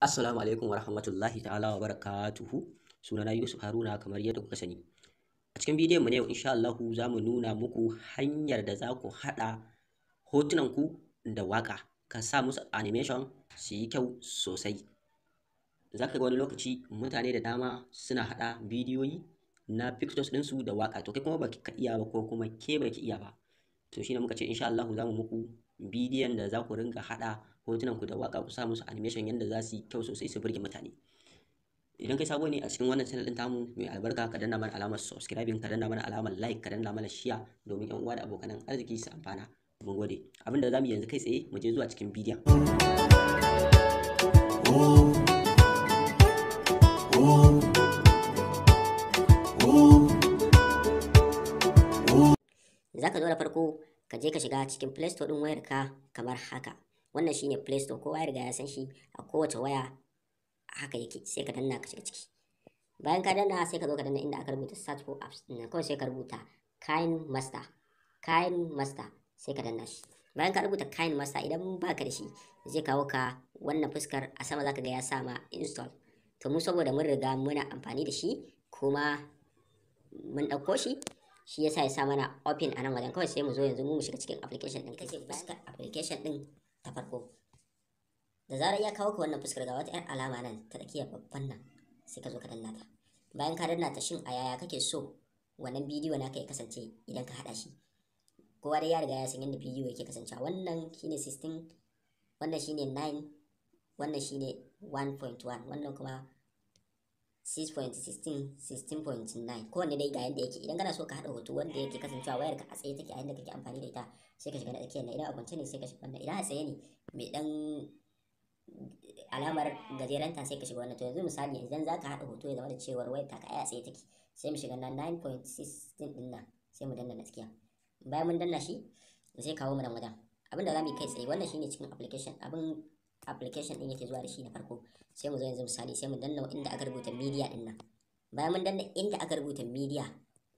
Assalamu alaikum wa rahmatullahi ta'ala wa barakatuhu. Sunana Yusuf Haruna kamar yadda kuka sani. A cikin bidiyon mu ne yau insha Allah za mu nuna muku hanyar da za ku haɗa hotunan ku da waka. Ka sa musu animation su yi kyau sosai. Za ka ga wani lokaci mutane da dama suna haɗa bidiyoyi na pictures su da waka to kai kuma baki ka iya ba ko kuma ke baki iya ba. To shine muka ce insha Allah za mu muku bidiyon da za ku ringa haɗa hotunanku da waka ku sa musu animation yadda za su yi kyau sosai su burge mutane idan kai sabo ne a cikin wannan channel din tamu mai albarka ka danna mana alamar subscribe ka danna mana alamar like ka danna mana share domin yan uwa da abokan arziki su amfana mun gode abinda zamu yanzu kai tsaye mu je zuwa cikin bidiyon oh, oh, oh, zaka zo da farko je ka shiga cikin Play Store ɗin wayar ka kamar haka. Wannan shine Play Store kowa ya riga ya san shi a kowace waya haka yake sai ka danna ka shiga ciki. Bayan ka danna sai ka zo ka danna inda aka rubuta search for apps ɗin kawai sai ka rubuta Kind Master. Kind Master sai ka danna shi. Bayan ka rubuta Kind Master idan baka da shi zai kawo ka wannan fuskar a sama zaka ga ya sa ma install. To mu saboda mun riga muna amfani da shi kuma mun ɗauko shi shi yasa ya sa mana open a nan wajen kawai sai mu zo yanzu mu shiga cikin application din kake fuskar application din ta farko da zarar ya kawo ka wannan fuskar ga wata 'yar alama nan ta tsakiya babban nan sai ka zo ka danna ta bayan ka danna ta shin a yaya kake so wannan bidiyo naka ya kasance idan ka hada shi kowa dai ya riga ya san yadda bidiyo yake kasancewa wannan shine 16 wannan shine 9 wannan shine 1.1 wannan kuma 6.16 kowanne dai ga yadda yake idan kana so ka haɗa hoto wanda yake kasancewa wayar ka a tsaye take a yadda kake amfani da ita sai ka shiga na tsakiyar na idan a kwance ne sai ka shiga wannan idan a tsaye ne mai dan alamar gajeranta ta sai ka shiga wannan to yanzu misali idan za ka haɗa hoto ya zama da cewar wayar ta ka a tsaye take sai mu shiga na 9.16 din nan sai mu danna na tsakiya bayan mun danna shi sai kawo mu nan wajen abin da za mu yi kai tsaye wannan shine cikin application abin application din yake zuwa da shi na farko sai mu zo yanzu misali sai mu danna inda aka rubuta media din nan bayan mun danna inda aka rubuta media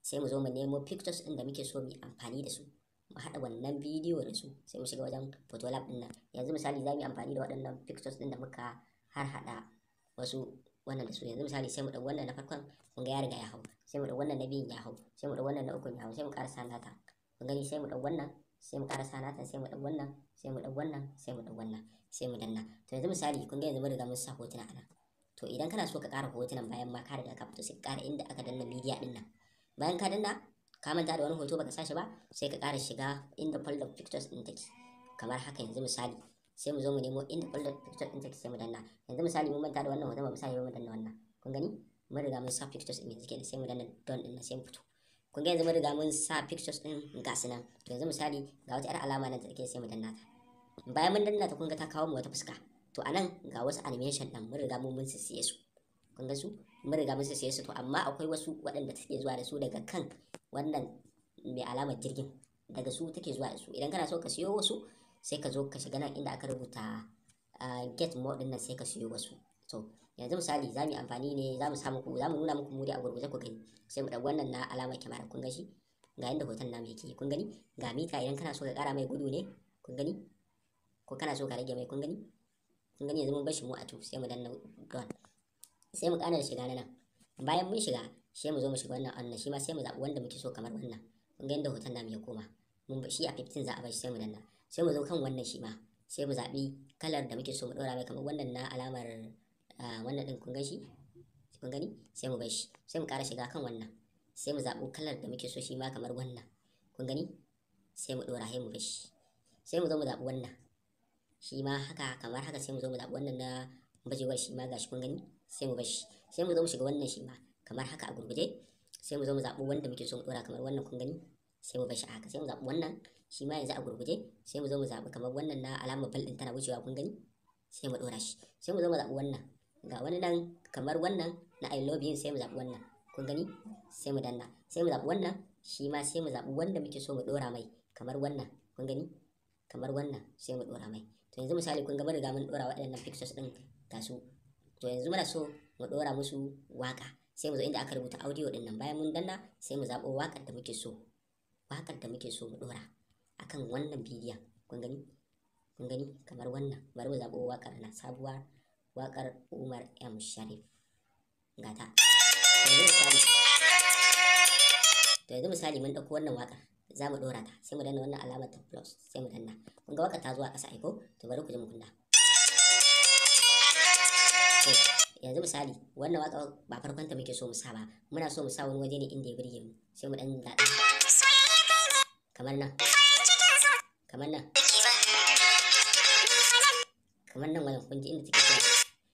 sai mu zo mu nemo pictures din da muke so mu amfani da su mu haɗa wannan bidiyo da su sai mu shiga wajen lab din nan yanzu misali za mu yi amfani da waɗannan pictures din da muka har haɗa wasu wannan da su yanzu misali sai mu ɗau wannan na farkon mun ga ya riga ya hau sai mu ɗau wannan na biyun ya hau sai mu ɗau wannan na ukun ya hau sai mu ƙara sa mun gani sai mu ɗau wannan sai mu ƙara sanatan sai mu ɗau wannan sai mu ɗau wannan sai mu ɗau wannan sai mu danna to yanzu misali kun ga yanzu mun riga mun sa hotuna a nan to idan kana so ka ƙara hotunan bayan ma ka riga ka fito sai ka ƙara inda aka danna media ɗin nan bayan ka danna ka manta da wani hoto baka sashi ba sai ka ƙara shiga inda folder pictures ɗin take kamar haka yanzu misali sai mu zo mu nemo inda folder pictures ɗin take sai mu danna yanzu misali mun manta da wannan hoton ba mu sa ba mu danna wannan kun gani mun riga mun sa pictures ɗin yanzu kenan sai mu danna don ɗin nan sai mu fito kun ga yanzu mun riga sa pictures din ga su nan to yanzu misali ga wata 'yar alama nan da take sai mu danna ta bayan mun danna ta kun ga ta kawo mu wata fuska to a nan ga wasu animation din mun riga mun sissiye su kun ga su mun riga mun sissiye su to amma akwai wasu waɗanda take zuwa da su daga kan wannan mai alamar jirgin daga su take zuwa da su idan kana so ka siyo wasu sai ka zo ka shiga nan inda aka rubuta ah, get more dinnan nan sai ka siyo wasu to yanzu misali za mu yi amfani ne za mu samu ku za mu nuna muku muri a gurguje ku gani sai mu ɗau wannan na alamar kyamara kun gashi ga yanda hoton namu yake kun gani ga mita idan kana so ka ƙara mai gudu ne kun gani ko kana so ka rage mai kun gani kun gani yanzu mun bar shi mu a tu sai mu danna don sai mu ƙana da shiga na nan bayan mun shiga sai mu zo mu shiga wannan wannan shi ma sai mu zaɓi wanda muke so kamar wannan kun ga yanda hoton namu ya koma mun shi a 15 za a bar shi sai mu danna sai mu zo kan wannan shi ma sai mu zaɓi kalar da muke so mu ɗora mai kamar wannan na alamar wannan ɗin kun gashi kun gani sai mu shi sai mu ƙara shiga kan wannan sai mu zabo kalar da muke so shi ma kamar wannan kun gani sai mu ɗora sai mu bashi sai mu zo mu zabo wannan shi ma haka kamar haka sai mu zo mu zabo wannan na bajewar shi ma gashi kun gani sai mu bashi sai mu zo mu shiga wannan shi ma kamar haka a gurguje sai mu zo mu zabo wanda muke so mu ɗora kamar wannan kun gani sai mu bashi haka sai mu zabo wannan shi ma yanzu a gurguje sai mu zo mu zabo kamar wannan na alamar bal ɗin tana wucewa kun gani sai mu dora shi sai mu zo mu zabo wannan ga wani dan kamar wannan na I love you sai mu zabi wannan kun gani sai mu danna sai mu zabi wannan shi ma sai mu zabi wanda muke so mu dora mai kamar wannan kun gani kamar wannan sai mu dora mai to yanzu misali kun ga mun riga mun dora waɗannan pictures din ga su to yanzu muna so mu dora musu waka sai mu zo inda aka rubuta audio din nan bayan mun danna sai mu zabo wakar da muke so wakar da muke so mu dora akan wannan bidiyon kun gani kun gani kamar wannan bari mu zabo wakar na sabuwa waƙar Umar M. Sharif. Gata. To yanzu misali mun ɗauko wannan waƙar za mu ɗora ta sai mu danna wannan alamar ta plus sai mu danna. Kun ga waƙar ta zuwa ƙasa aiko to bari ku ji mu kunna. yanzu misali wannan waƙar ba farkon ta muke so mu sa ba muna so mu sa wani waje ne inda ya burge mu sai mu dan daɗa kamar nan kamar nan kamar nan wajen kun ji inda take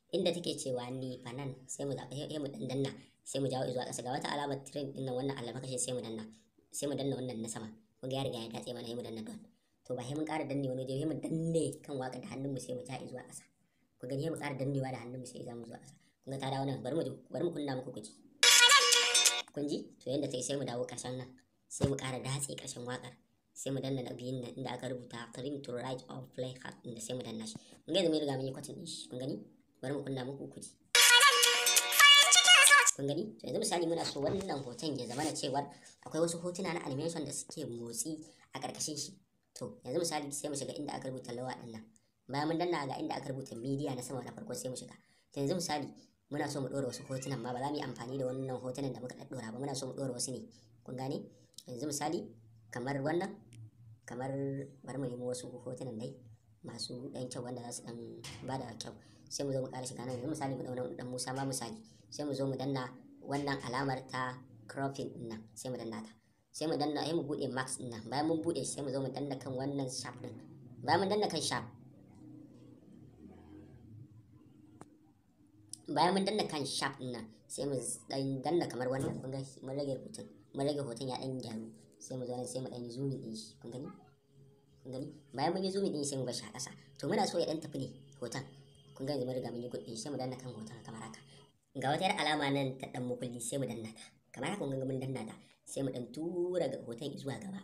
inda take cewa ni fa nan sai mu zaɓa sai mu dan danna sai mu jawo izuwa ƙasa ga wata alamar tirin din nan wannan almakashin sai mu danna sai mu danna wannan na sama kun ga ya riga ya datse mana sai mu danna don to ba sai mun ƙara danne wani waje sai mu danne kan waka da hannun mu sai mu ja izuwa ƙasa ku gani sai mu ƙara dannewa da hannun mu sai za mu zuwa ƙasa kun ga ta dawo nan bari mu bari mu kunna muku kuji kun ji to yanda take sai mu dawo ƙarshen nan sai mu ƙara datse ƙarshen waƙar sai mu danna na biyun nan inda aka rubuta trim to write of play hard inda sai mu danna shi kun ga yanzu mun riga mun yi kwatin din shi kun gani bari mu kunna muku kuji kun gani to yanzu misali muna so wannan hoton ya zama na cewar akwai wasu hotuna na animation da suke motsi a karkashin shi to yanzu misali sai mu shiga inda aka rubuta lawa din nan bayan mun danna ga inda aka rubuta media na sama na farko sai mu shiga to yanzu misali muna so mu ɗora wasu hotunan ma ba za mu yi amfani da wannan hotunan da muka daddora ba muna so mu ɗora wasu ne kun gane yanzu misali kamar wannan kamar bari mu nemo wasu hotunan dai masu dan kyau wanda za su ɗan kyau sai mu zo mu ƙara shi kanan yanzu misali mu ɗauna ɗan musa ma misali sai mu zo mu danna wannan alamar ta cropping ɗin nan sai mu danna ta sai mu danna sai mu buɗe max ɗin nan bayan mun buɗe sai mu zo mu danna kan wannan sharp ɗin bayan mun danna kan sharp bayan mun danna kan sharp ɗin nan sai mu dan danna kamar wannan kun ga mun rage hoton mun rage hoton ya dan gyaru sai mu zo nan sai mu dan zoom ɗin shi kun gani kun gani bayan mun yi zoom ɗin sai mu bar shi a ƙasa to muna so ya dan tafi ne hoton kun ga yanzu mun riga mun yi kuɗi sai mu danna kan hoton kamar haka ga wata yar alama nan ta dan mukulli sai mu danna ta kamar haka kun ga mun danna ta sai mu dan tura ga hoton zuwa gaba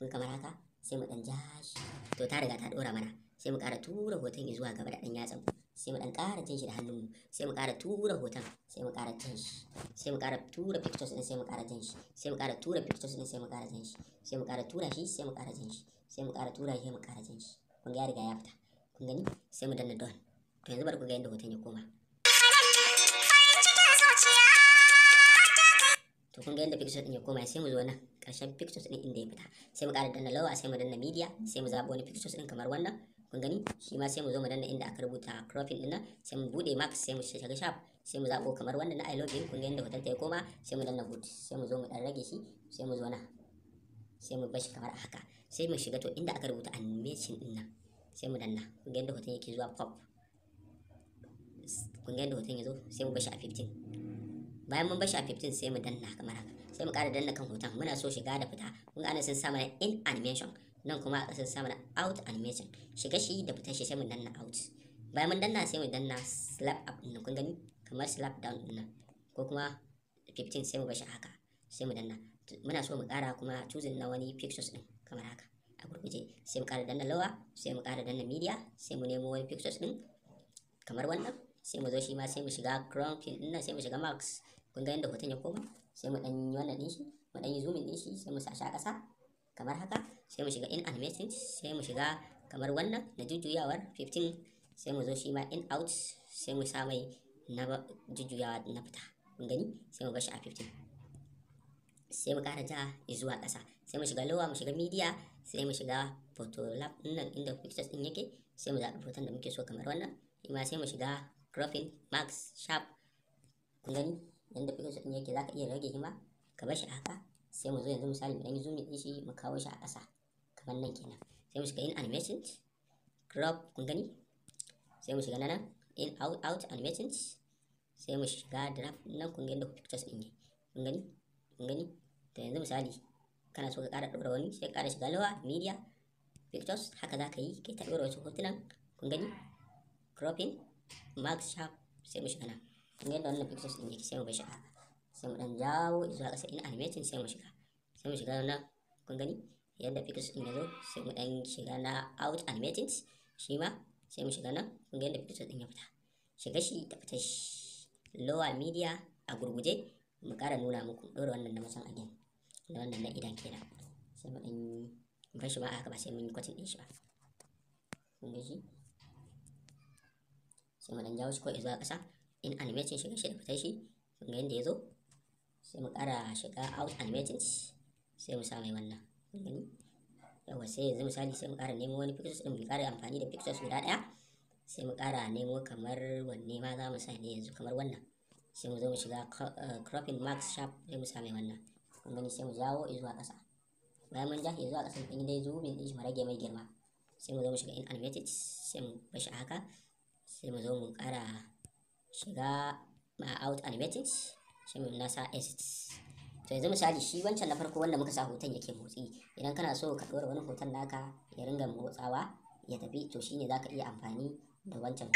kun kamar haka sai mu dan jashi, to ta riga ta dora mana sai mu ƙara tura hoton zuwa gaba da ɗan yatsan sai mu ɗan ƙara cin shi da hannunmu sai mu ƙara tura hoton sai mu ƙara cin shi sai mu ƙara tura pictures ɗin sai mu ƙara cin shi sai mu ƙara tura pictures ɗin sai mu ƙara cin shi sai mu ƙara tura shi sai mu ƙara cin shi sai mu ƙara tura shi sai mu ƙara cin shi kun ga ya riga ya fita kun gani sai mu danna don to yanzu bari ku ga yadda hoton ya koma to kun ga yadda pictures din ya koma sai mu zo nan karshen pictures din inda ya fita sai mu ƙara danna lower sai mu danna media sai mu zaɓi wani pictures din kamar wannan kun gani shi ma sai mu zo mu danna inda aka rubuta cropping din nan sai mu bude max sai mu shiga sharp sai mu zaɓo kamar wannan na i love you kun ga yadda hoton ta ya koma sai mu danna good sai mu zo mu dan rage shi sai mu zo nan sai mu bashi kamar haka sai mu shiga to inda aka rubuta animation din nan sai mu danna kun ga yadda hoton yake zuwa pop kun ga yadda hoton ya zo sai mu bashi a 15 bayan mun bashi a 15 sai mu danna kamar haka sai mu ƙara danna kan hoton muna so shiga da fita kun ga sun sa mana in animation nan kuma sun sa mana out animation shiga shi da fita shi sai mu danna out bayan mun danna sai mu danna slap up din kun gani kamar slap down din nan ko kuma 15 sai mu bashi haka sai mu danna muna so mu ƙara kuma choosing na wani pictures din kamar haka a gurguje sai mu ƙara danna lower sai mu ƙara danna media sai mu nemo wani pictures din kamar wannan sai mu zo shi ma sai mu shiga crown pin nan sai mu shiga max kun ga yadda hoton ya koma sai mu dan yi wannan din shi mu dan yi zooming din shi sai mu sa shi a ƙasa kamar haka sai mu shiga in animating sai mu shiga kamar wannan na jujjuyawar 15 sai mu zo shi ma in out sai mu sa mai na jujjuyawa na fita kun gani sai mu bar shi a 15 sai mu kara ja zuwa ƙasa sai mu shiga lower mu shiga media sai mu shiga photo lab nan inda pictures din yake sai mu zaɓi hoton da muke so kamar wannan sai mu shiga profile max sharp kun gani yanda pixel in yake zaka iya rage hima ka bar shi a haka sai mu zo yanzu misali mu dan yi zoom din shi mu kawo shi a ƙasa kamar nan kenan sai mu shiga in animation crop kun gani sai mu shiga nan in out out animation sai mu shiga draft nan kun ga yadda pictures din yake kun gani kun gani to yanzu misali kana so ka ƙara ɗora wani sai ka ƙara shiga lower media pictures haka za ka yi kai ta ɗora wasu hotunan kun gani cropping max sharp sai mu shiga nan kun yadda wannan pictures din yake sai mu bashi haka sai mu dan jawo zuwa ƙasa in animating sai mu shiga sai mu shiga nan kun gani yadda pictures din yazo sai mu dan shiga na out animation shi ma sai mu shiga nan kun ga yadda pictures din ya fita shiga shi ta fita lower media a gurguje mu ƙara nuna muku dora wannan na musan again na wannan na idan kenan sai mu dan shi ma haka ba sai mun yi kwatin din shi ba kun ga shi sai mu dan jawo shi ko izuwa ƙasa in animation shiga shi da fitar shi kun ga yadda ya zo sai mu ƙara shiga out animation sai mu sa mai wannan kun gani yawa sai yanzu misali sai mu ƙara nemo wani pixels ɗin mu ƙara amfani da pixels guda ɗaya sai mu ƙara nemo kamar wanne ma za mu sa ne yanzu kamar wannan sai mu zo mu shiga eh, cropping max sharp sai mu sa mai wannan kun gani sai mu jawo izuwa ƙasa bayan mun ja zuwa ƙasa in dai zooming ɗin shi mu rage mai girma sai mu zo mu shiga in animated sai mu bashi haka sai mu zo mu kara shiga ma out animatics sai mu nasa exit to yanzu misali shi wancan na farko wanda muka sa hoton yake motsi idan kana so ka ɗora wani hoton naka ya ringa motsawa ya tafi to shine zaka iya amfani da wancan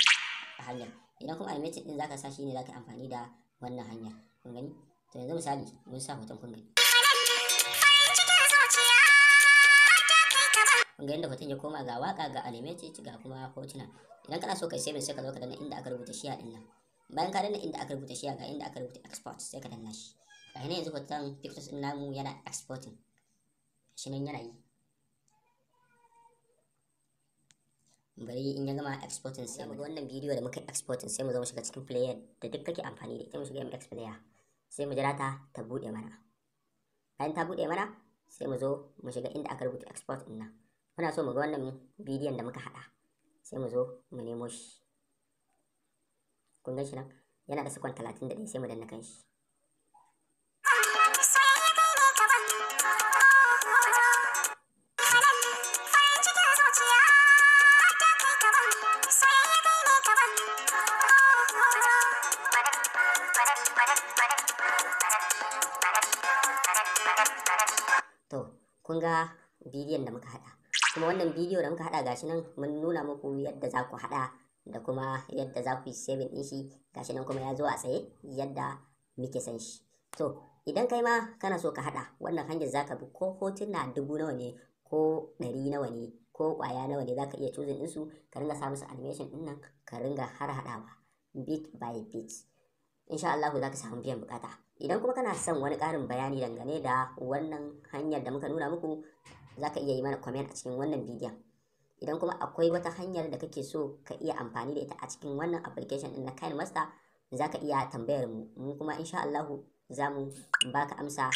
hanyar idan kuma animated din zaka sa shine zaka amfani da wannan hanyar kun gani to yanzu misali mun sa hoton kun gani kun ga yadda hoton ya koma ga waka ga animatic ga kuma hotuna idan kana so kai saving sai ka zo ka danna inda aka rubuta shiya din nan bayan ka danna inda aka rubuta shiya ga inda aka rubuta export sai ka danna shi ga hina yanzu hoton pictures din namu yana exporting shi nan yana yi bari in ya gama exporting sai mu ga wannan bidiyo da muka exporting sai mu zo mu shiga cikin player da duk kake amfani da ita mu shiga MX player sai mu jira ta ta bude mana bayan ta bude mana sai mu zo mu shiga inda aka rubuta export din nan muna so mu ga wannan bidiyon da muka hada sai mu zo mu nemo shi kun shi nan yana da sakon talatin da ɗaya sai mu danna kan shi To, kun ga bidiyon da muka haɗa. kuma wannan bidiyo da muka hada gashi nan mun nuna muku yadda za ku haɗa da kuma yadda za ku yi saving in shi gashi nan kuma ya zo a tsaye yadda muke san shi to idan kai ma kana so ka haɗa wannan hanyar za ka bi ko hotuna dubu nawa ne ko ɗari nawa ne ko ƙwaya nawa ne za ka iya din ɗinsu ka ringa sa musu animation ɗin nan ka ringa har haɗawa bit by bit insha Allah za ka samu biyan bukata idan kuma kana son wani ƙarin bayani dangane da wannan hanyar da muka nuna muku za ka iya yi mana comment a cikin wannan bidiyon idan kuma akwai wata hanyar da kake so ka iya amfani da ita a cikin wannan application din na kind master za ka iya tambayar mu mu kuma insha Allahu za mu baka amsa